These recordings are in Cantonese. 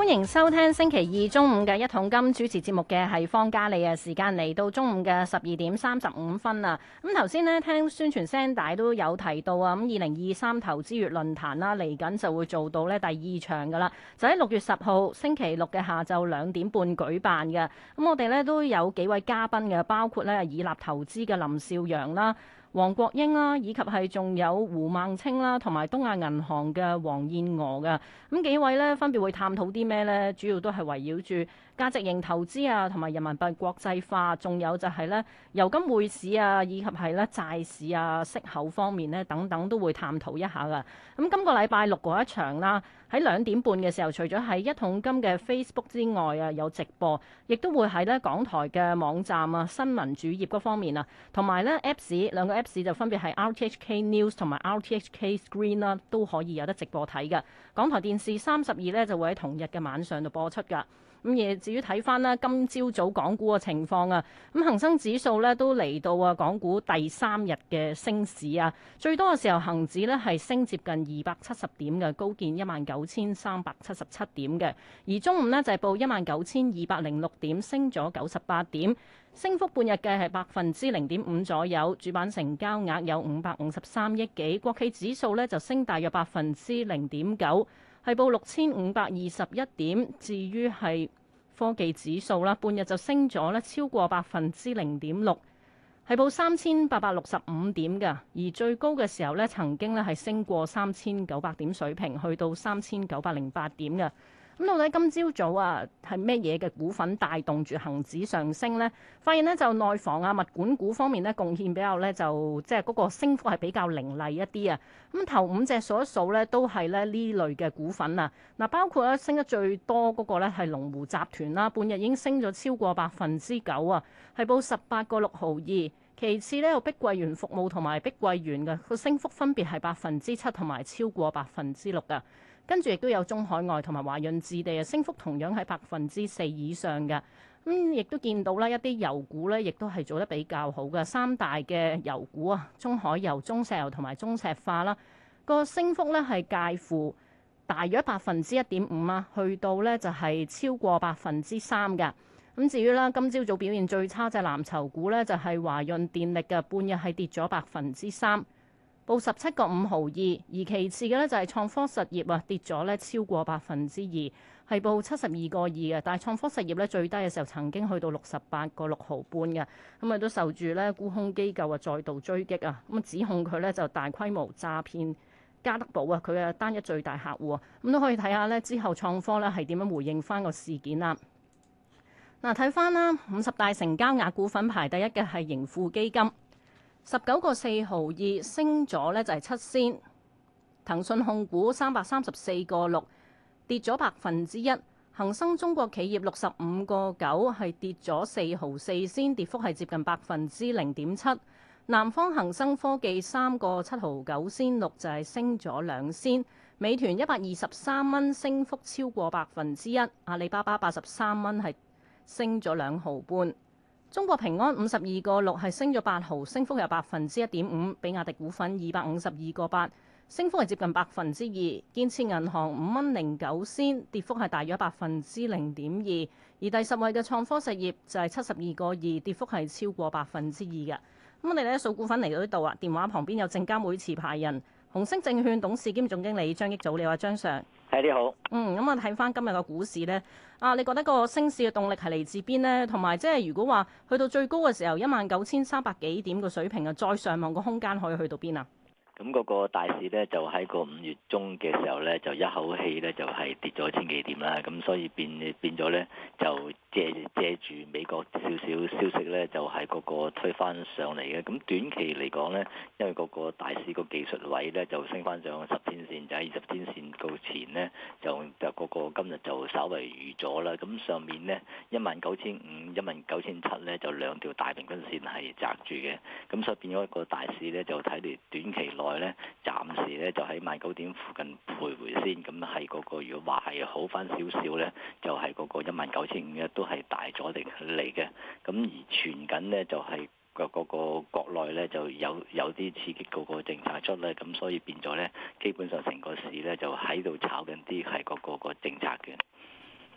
歡迎收聽星期二中午嘅一桶金主持節目嘅係方嘉莉啊，時間嚟到中午嘅十二點三十五分啦。咁頭先呢，聽宣傳聲帶都有提到啊，咁二零二三投資月論壇啦，嚟緊就會做到呢第二場噶啦，就喺六月十號星期六嘅下晝兩點半舉辦嘅。咁我哋呢，都有幾位嘉賓嘅，包括呢以立投資嘅林少陽啦。王國英啦，以及係仲有胡孟清啦，同埋東亞銀行嘅黃燕娥嘅，咁幾位咧，分別會探討啲咩咧？主要都係圍繞住價值型投資啊，同埋人民幣國際化，仲有就係咧油金匯市啊，以及係咧債市啊息口方面咧等等都會探討一下噶。咁、嗯、今個禮拜六嗰一場啦。喺兩點半嘅時候，除咗喺一桶金嘅 Facebook 之外啊，有直播，亦都會喺呢港台嘅網站啊、新聞主頁嗰方面啊，同埋呢 Apps 兩個 Apps 就分別係 RTHK News 同埋 RTHK Screen 啦、啊，都可以有得直播睇㗎。港台電視三十二呢，就會喺同日嘅晚上度播出㗎。咁至於睇翻咧，今朝早，早港股嘅情況啊，咁恆生指數咧都嚟到啊，港股第三日嘅升市啊，最多嘅時候恒指咧係升接近二百七十點嘅，高見一萬九千三百七十七點嘅。而中午咧就係報一萬九千二百零六點，升咗九十八點，升幅半日嘅係百分之零點五左右。主板成交額有五百五十三億幾，國企指數咧就升大約百分之零點九。係報六千五百二十一點，至於係科技指數啦，半日就升咗咧超過百分之零點六，係報三千八百六十五點㗎，而最高嘅時候咧，曾經咧係升過三千九百點水平，去到三千九百零八點嘅。咁到底今朝早啊，係咩嘢嘅股份帶動住恒指上升呢？發現呢，就內房啊、物管股方面咧，貢獻比較咧就即係嗰個升幅係比較凌厲一啲啊。咁頭五隻數一數咧都係咧呢類嘅股份啊。嗱，包括咧升得最多嗰個咧係龍湖集團啦，半日已經升咗超過百分之九啊，係報十八個六毫二。其次咧有碧桂園服務同埋碧桂園嘅個升幅分別係百分之七同埋超過百分之六噶。跟住亦都有中海外同埋華潤置地啊，升幅同樣喺百分之四以上嘅。咁、嗯、亦都見到啦，一啲油股咧，亦都係做得比較好嘅。三大嘅油股啊，中海油、中石油同埋中石化啦，個、啊、升幅咧係介乎大約百分之一點五啊，去到咧就係、是、超過百分之三嘅。咁、嗯、至於啦，今朝早表現最差就係藍籌股咧，就係華潤電力嘅半日係跌咗百分之三。報十七個五毫二，而其次嘅咧就係創科實業啊，跌咗咧超過百分之二，係報七十二個二嘅。但係創科實業咧最低嘅時候曾經去到六十八個六毫半嘅，咁啊都受住咧沽空機構啊再度追擊啊，咁啊指控佢咧就大規模詐騙家得寶啊，佢嘅單一最大客戶啊，咁都可以睇下咧之後創科咧係點樣回應翻個事件啦。嗱，睇翻啦，五十大成交額股份排第一嘅係盈富基金。十九個四毫二升咗呢就係七仙，騰訊控股三百三十四個六跌咗百分之一，恒生中國企業六十五個九係跌咗四毫四先，跌幅係接近百分之零點七。南方恒生科技三個七毫九先六就係升咗兩仙，美團一百二十三蚊升幅超過百分之一，阿里巴巴八十三蚊係升咗兩毫半。中國平安五十二個六係升咗八毫，升幅有百分之一點五。比亞迪股份二百五十二個八，升幅係接近百分之二。建設銀行五蚊零九仙，跌幅係大約百分之零點二。而第十位嘅創科實業就係七十二個二，跌幅係超過百分之二嘅。咁我哋咧數股份嚟到呢度啊，電話旁邊有證監會持牌人紅星證券董事兼總經理張益祖，你好，張 Sir。係你好，嗯，咁啊睇翻今日嘅股市咧，啊，你覺得個升市嘅動力係嚟自邊咧？同埋即係如果話去到最高嘅時候，一萬九千三百幾點個水平啊，再上望個空間可以去到邊啊？咁嗰個大市咧，就喺個五月中嘅時候咧，就一口氣咧就係、是、跌咗千幾點啦。咁所以變變咗咧，就借借住美國少少消息咧，就係嗰個推返上嚟嘅。咁短期嚟講咧，因為嗰個大市個技術位咧就升返上十天線，就喺二十天線個前咧，就就嗰個今日就稍微預咗啦。咁上面咧一萬九千五、一萬九千七咧，就兩條大平均線係閘住嘅。咁所以變咗一個大市咧，就睇嚟短期內。佢咧暫時咧就喺萬九點附近徘徊先，咁係嗰個如果話係好翻少少咧，就係、是、嗰個一萬九千五咧都係大咗定嚟嘅。咁而傳緊咧就係個嗰個國內咧就有有啲刺激個個政策出咧，咁所以變咗咧基本上成個市咧就喺度炒緊啲係個個個政策嘅。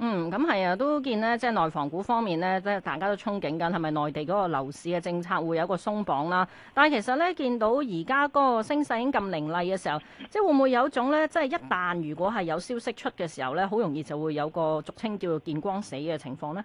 嗯，咁係啊，都見咧，即係內房股方面咧，即係大家都憧憬緊，係咪內地嗰個樓市嘅政策會有一個鬆綁啦？但係其實咧，見到而家嗰個升勢已經咁凌厲嘅時候，即係會唔會有一種咧，即係一旦如果係有消息出嘅時候咧，好容易就會有個俗稱叫做見光死嘅情況咧？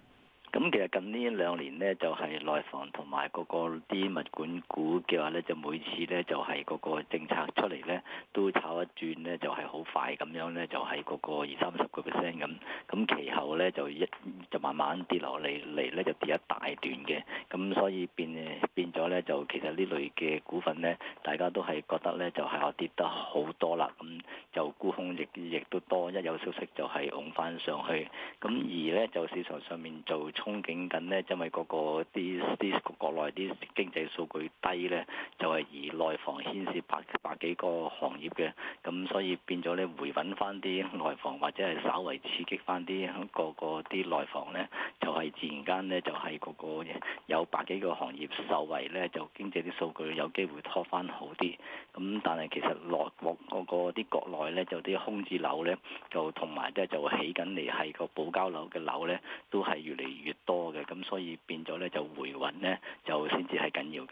咁其實近呢兩年咧，就係、是、內房同埋嗰個啲物管股嘅話咧，就每次咧就係、是、嗰個政策出嚟咧，都炒一轉咧就係好快咁樣咧，就係、是、嗰、就是、個二三十個 percent 咁，咁其後咧就一就慢慢跌落嚟嚟咧就跌一大段嘅，咁所以變變咗咧就其實呢類嘅股份咧，大家都係覺得咧就係、是、跌得好多啦，咁就沽空亦亦都多，一有消息就係拱返上去，咁而咧就市場上面做。憧憬緊呢，因為個個啲啲國內啲經濟數據低呢，就係而內房牽涉百百幾個行業嘅，咁所以變咗呢回穩翻啲內房，或者係稍微刺激翻啲個個啲內房呢，就係自然間呢，就係個個有百幾個行業受惠呢，就經濟啲數據有機會拖翻好啲。咁但係其實內國個個啲國內呢，就啲空置樓呢，就同埋即係就起緊嚟係個保交樓嘅樓呢，都係越嚟越多嘅，咁所以變咗咧就回穩，咧就先至係緊要嘅。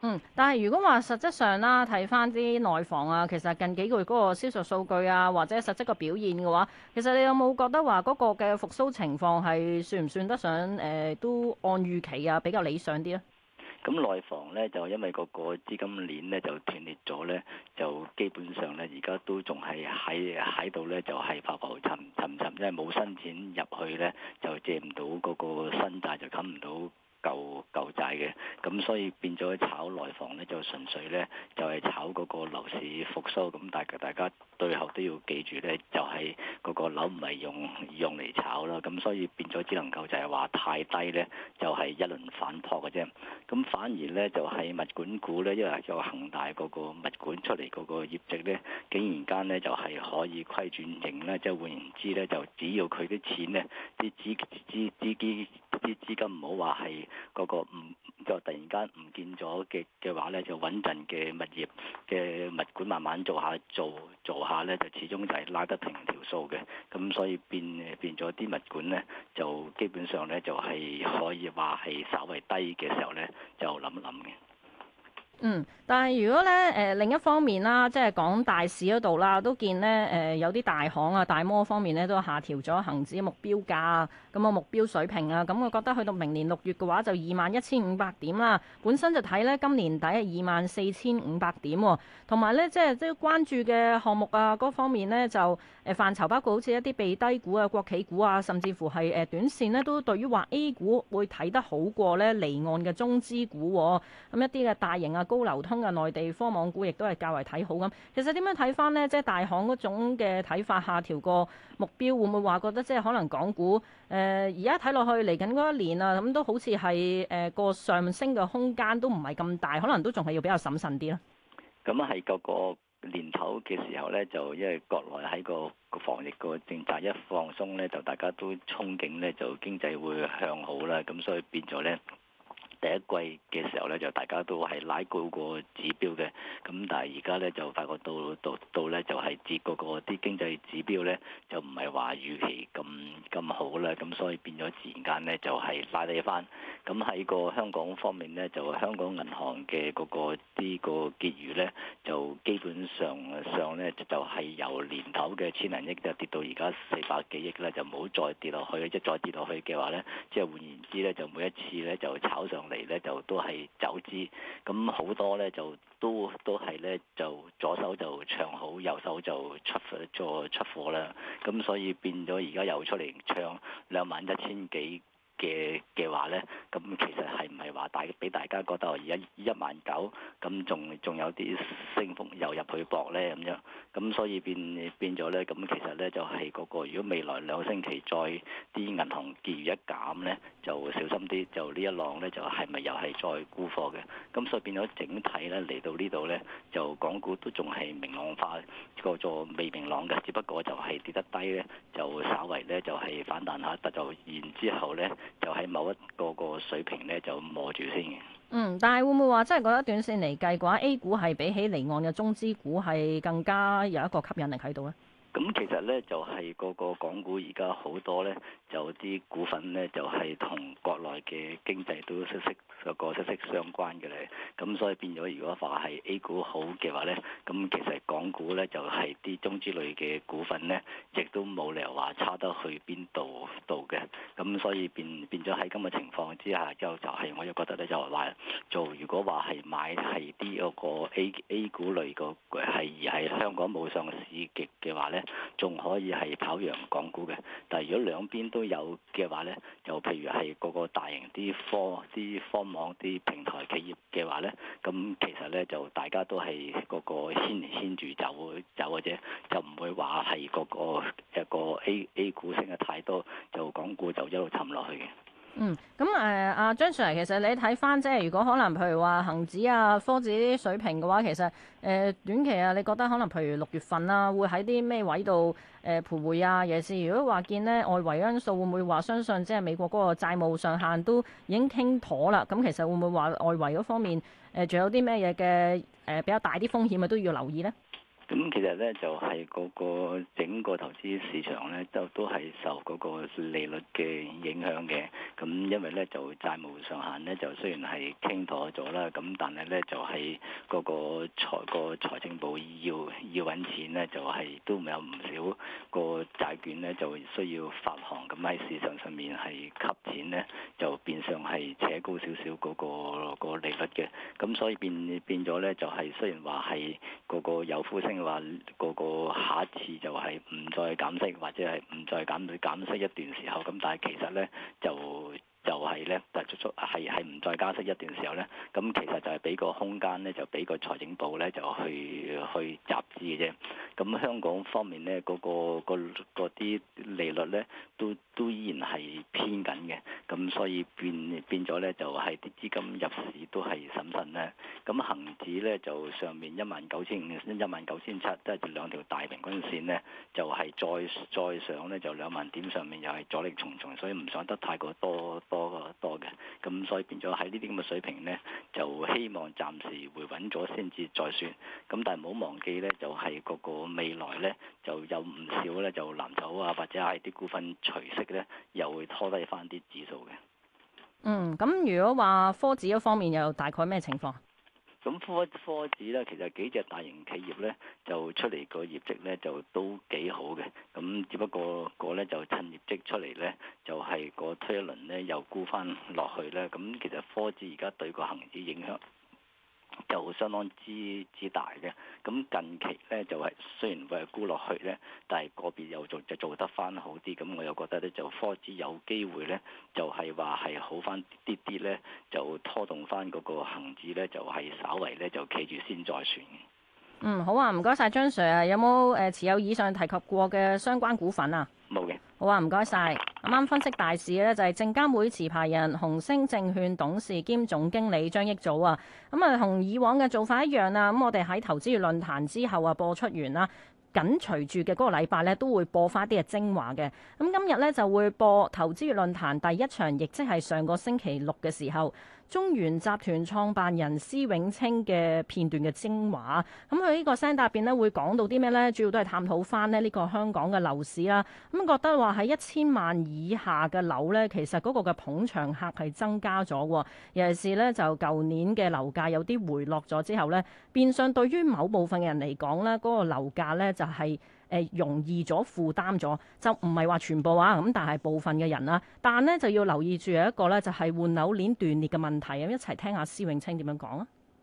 嗯，但係如果話實質上啦，睇翻啲內房啊，其實近幾個月嗰個銷售數據啊，或者實質個表現嘅話，其實你有冇覺得話嗰個嘅復蘇情況係算唔算得上誒、呃、都按預期啊比較理想啲咧？咁內房咧就因為個個資金鏈咧就斷裂咗咧，就基本上咧而家都仲係喺喺度咧，就係浮浮沉沉沉，即係冇新錢入去咧，就借唔到嗰個新債就冚唔到。舊舊債嘅，咁所以變咗炒內房咧，就純粹咧就係、是、炒嗰個樓市復甦。咁但係大家最後都要記住咧，就係、是、嗰個樓唔係用用嚟炒啦。咁所以變咗只能夠就係話太低咧，就係、是、一輪反撲嘅啫。咁反而咧就係、是、物管股咧，因為有恒大嗰個物管出嚟嗰個業績咧，竟然間咧就係可以虧轉盈咧。即、就、係、是、換言之咧，就只要佢啲錢咧，啲資資資金。啲資金唔好話係嗰個唔就突然間唔見咗嘅嘅話咧，就穩陣嘅物業嘅物管慢慢做下做做下咧，就始終就係拉得平條數嘅，咁所以變變咗啲物管咧就基本上咧就係可以話係稍微低嘅時候咧就諗一諗嘅。嗯，但係如果咧，誒、呃、另一方面啦，即係講大市嗰度啦，都見呢，誒、呃、有啲大行啊、大摩方面呢，都下調咗恆指目標價啊，咁個目標水平啊，咁、嗯、我覺得去到明年六月嘅話就二萬一千五百點啦，本身就睇呢，今年底係二萬四千五百點喎，同埋呢，即係都關注嘅項目啊嗰方面呢，就誒範疇包括好似一啲被低估啊國企股啊，甚至乎係誒短線呢，都對於話 A 股會睇得好過呢離岸嘅中資股，啊，咁、嗯、一啲嘅大型啊。高流通嘅內地科網股亦都係較為睇好咁。其實點樣睇翻呢？即係大行嗰種嘅睇法下，下調個目標，會唔會話覺得即係可能港股誒而家睇落去嚟緊嗰一年啊，咁都好似係誒個上升嘅空間都唔係咁大，可能都仲係要比較審慎啲咧。咁喺個個年頭嘅時候呢，就因為國內喺個防疫個政策一放鬆呢，就大家都憧憬呢，就經濟會向好啦。咁所以變咗呢。第一季嘅時候咧，就大家都係拉高個指標嘅，咁但係而家咧就發覺到到到咧就係接嗰個啲經濟指標咧就唔係話預期咁咁好啦，咁所以變咗自然間咧就係拉低翻。咁喺個香港方面咧，就香港銀行嘅嗰個啲個結餘咧就基本上上咧就係、是、由年頭嘅千零億就跌到而家四百幾億啦，就唔好再跌落去，一再跌落去嘅話咧，即、就、係、是、換言之咧，就每一次咧就炒上。嚟咧就都係走資，咁好多咧就都都係咧就左手就唱好，右手就出再出貨啦，咁所以變咗而家又出嚟唱兩萬一千幾。嘅嘅話咧，咁其實係唔係話大俾大家覺得而家一萬九，咁仲仲有啲升幅又入去搏咧咁樣，咁所以變變咗咧，咁其實咧就係嗰個如果未來兩星期再啲銀行結餘一減咧，就小心啲，就呢一浪咧就係咪又係再沽貨嘅，咁所以變咗整體咧嚟到呢度咧，就港股都仲係明朗化、叫做未明朗嘅，只不過就係跌得低咧，就稍微咧就係反彈下，但就然之後咧。就喺某一個個水平咧，就摸住先。嗯，但係會唔會話，即係嗰一段線嚟計嘅話，A 股係比起離岸嘅中資股係更加有一個吸引力喺度咧？咁、嗯、其實咧，就係、是、個個港股而家好多咧，就啲股份咧，就係、是、同。嘅經濟都息息個息息相關嘅咧，咁所以變咗如果話係 A 股好嘅話咧，咁其實港股咧就係、是、啲中資類嘅股份咧，亦都冇理由話差得去邊度度嘅，咁所以變變咗喺咁嘅情況之下，之又就係、是、我又覺得咧就係話做如果話係買係啲嗰個 A A 股類個係而係香港冇上市嘅話咧，仲可以係跑贏港股嘅，但係如果兩邊都有嘅話咧，就譬如係個個大啲科啲科網啲平台企業嘅話咧，咁其實咧就大家都係個個牽連牽住走走嘅，就唔會話係個個一個 A A 股升得太多，就港股就一路沉落去嘅。嗯，咁、嗯、誒，阿張 Sir，其實你睇翻即係如果可能，譬如話恒指啊、科指啲水平嘅話，其實誒、呃、短期啊，你覺得可能譬如六月份啊，會喺啲咩位度誒、呃、徘徊啊？尤其是如果話見呢外圍因素，會唔會話相信即係美國嗰個債務上限都已經傾妥啦？咁其實會唔會話外圍嗰方面誒，仲、呃、有啲咩嘢嘅誒比較大啲風險啊？都要留意呢？咁其實咧就係嗰個，個整個投資市場咧，都都係受嗰個利率嘅影響嘅。咁因為咧就債務上限咧就雖然係傾妥咗啦，咁但係咧就係、是、嗰個，個財個財政部要要揾錢咧，就係、是、都唔有唔少、嗰個債券咧就需要發行，咁喺市場上面係吸錢咧，就變相係扯高少少嗰個利率嘅。咁所以變變咗咧就係、是、雖然話係嗰個有呼聲。話個個下一次就係唔再減息，或者係唔再減，減息一段時候，咁但係其實咧就。invece 就係、是、咧，但係足足係係唔再加息一段時候咧，咁其實就係俾個空間咧，就俾個財政部咧就去去集資嘅啫。咁香港方面咧，嗰個嗰啲利率咧，都都依然係偏緊嘅。咁所以變變咗咧，就係、是、啲資金入市都係審慎咧。咁恒、嗯、指咧就上面一萬九千五、一萬九千七，即係兩條大平均線咧，就係、是、再再上咧，就兩萬點上面又係阻力重重，所以唔想得太過多多。多多嘅，咁所以變咗喺呢啲咁嘅水平呢，就希望暫時回穩咗先至再算。咁但係唔好忘記呢，就係個個未來呢，就有唔少呢，就藍籌啊，或者係啲股份除息呢，又會拖低翻啲指數嘅。嗯，咁如果話科指嗰方面又大概咩情況？咁科科指咧，其實幾隻大型企業咧，就出嚟個業績咧，就都幾好嘅。咁只不過個咧就趁業績出嚟咧，就係、是、個推一輪咧又沽翻落去咧。咁其實科指而家對個恆指影響，就相當之之大嘅，咁近期咧就係、是、雖然會係沽落去咧，但係個別又做就做得翻好啲，咁我又覺得咧就科指有機會咧就係話係好翻啲啲咧，就拖動翻嗰個恆指咧就係、是、稍為咧就企住先再算。嗯，好啊，唔該晒張 Sir 啊，有冇誒持有以上提及過嘅相關股份啊？冇嘅。好啊，唔該晒。啱啱分析大市嘅咧就係證監會持牌人紅星證券董事兼總經理張益祖啊，咁啊同以往嘅做法一樣啊。咁、嗯、我哋喺投資月論壇之後啊播出完啦，緊隨住嘅嗰個禮拜咧都會播翻啲嘅精華嘅，咁、嗯、今日咧就會播投資月論壇第一場，亦即係上個星期六嘅時候。中原集團創辦人施永青嘅片段嘅精華，咁佢呢個聲答辯咧會講到啲咩咧？主要都係探討翻咧呢個香港嘅樓市啦。咁覺得話喺一千萬以下嘅樓咧，其實嗰個嘅捧場客係增加咗喎。尤其是咧就舊年嘅樓價有啲回落咗之後咧，變相對於某部分嘅人嚟講咧，嗰個樓價咧就係。誒、呃、容易咗負擔咗，就唔係話全部啊，咁但係部分嘅人啦、啊，但咧就要留意住有一個咧就係換樓鏈斷裂嘅問題啊，一齊聽下施永青點樣講啊！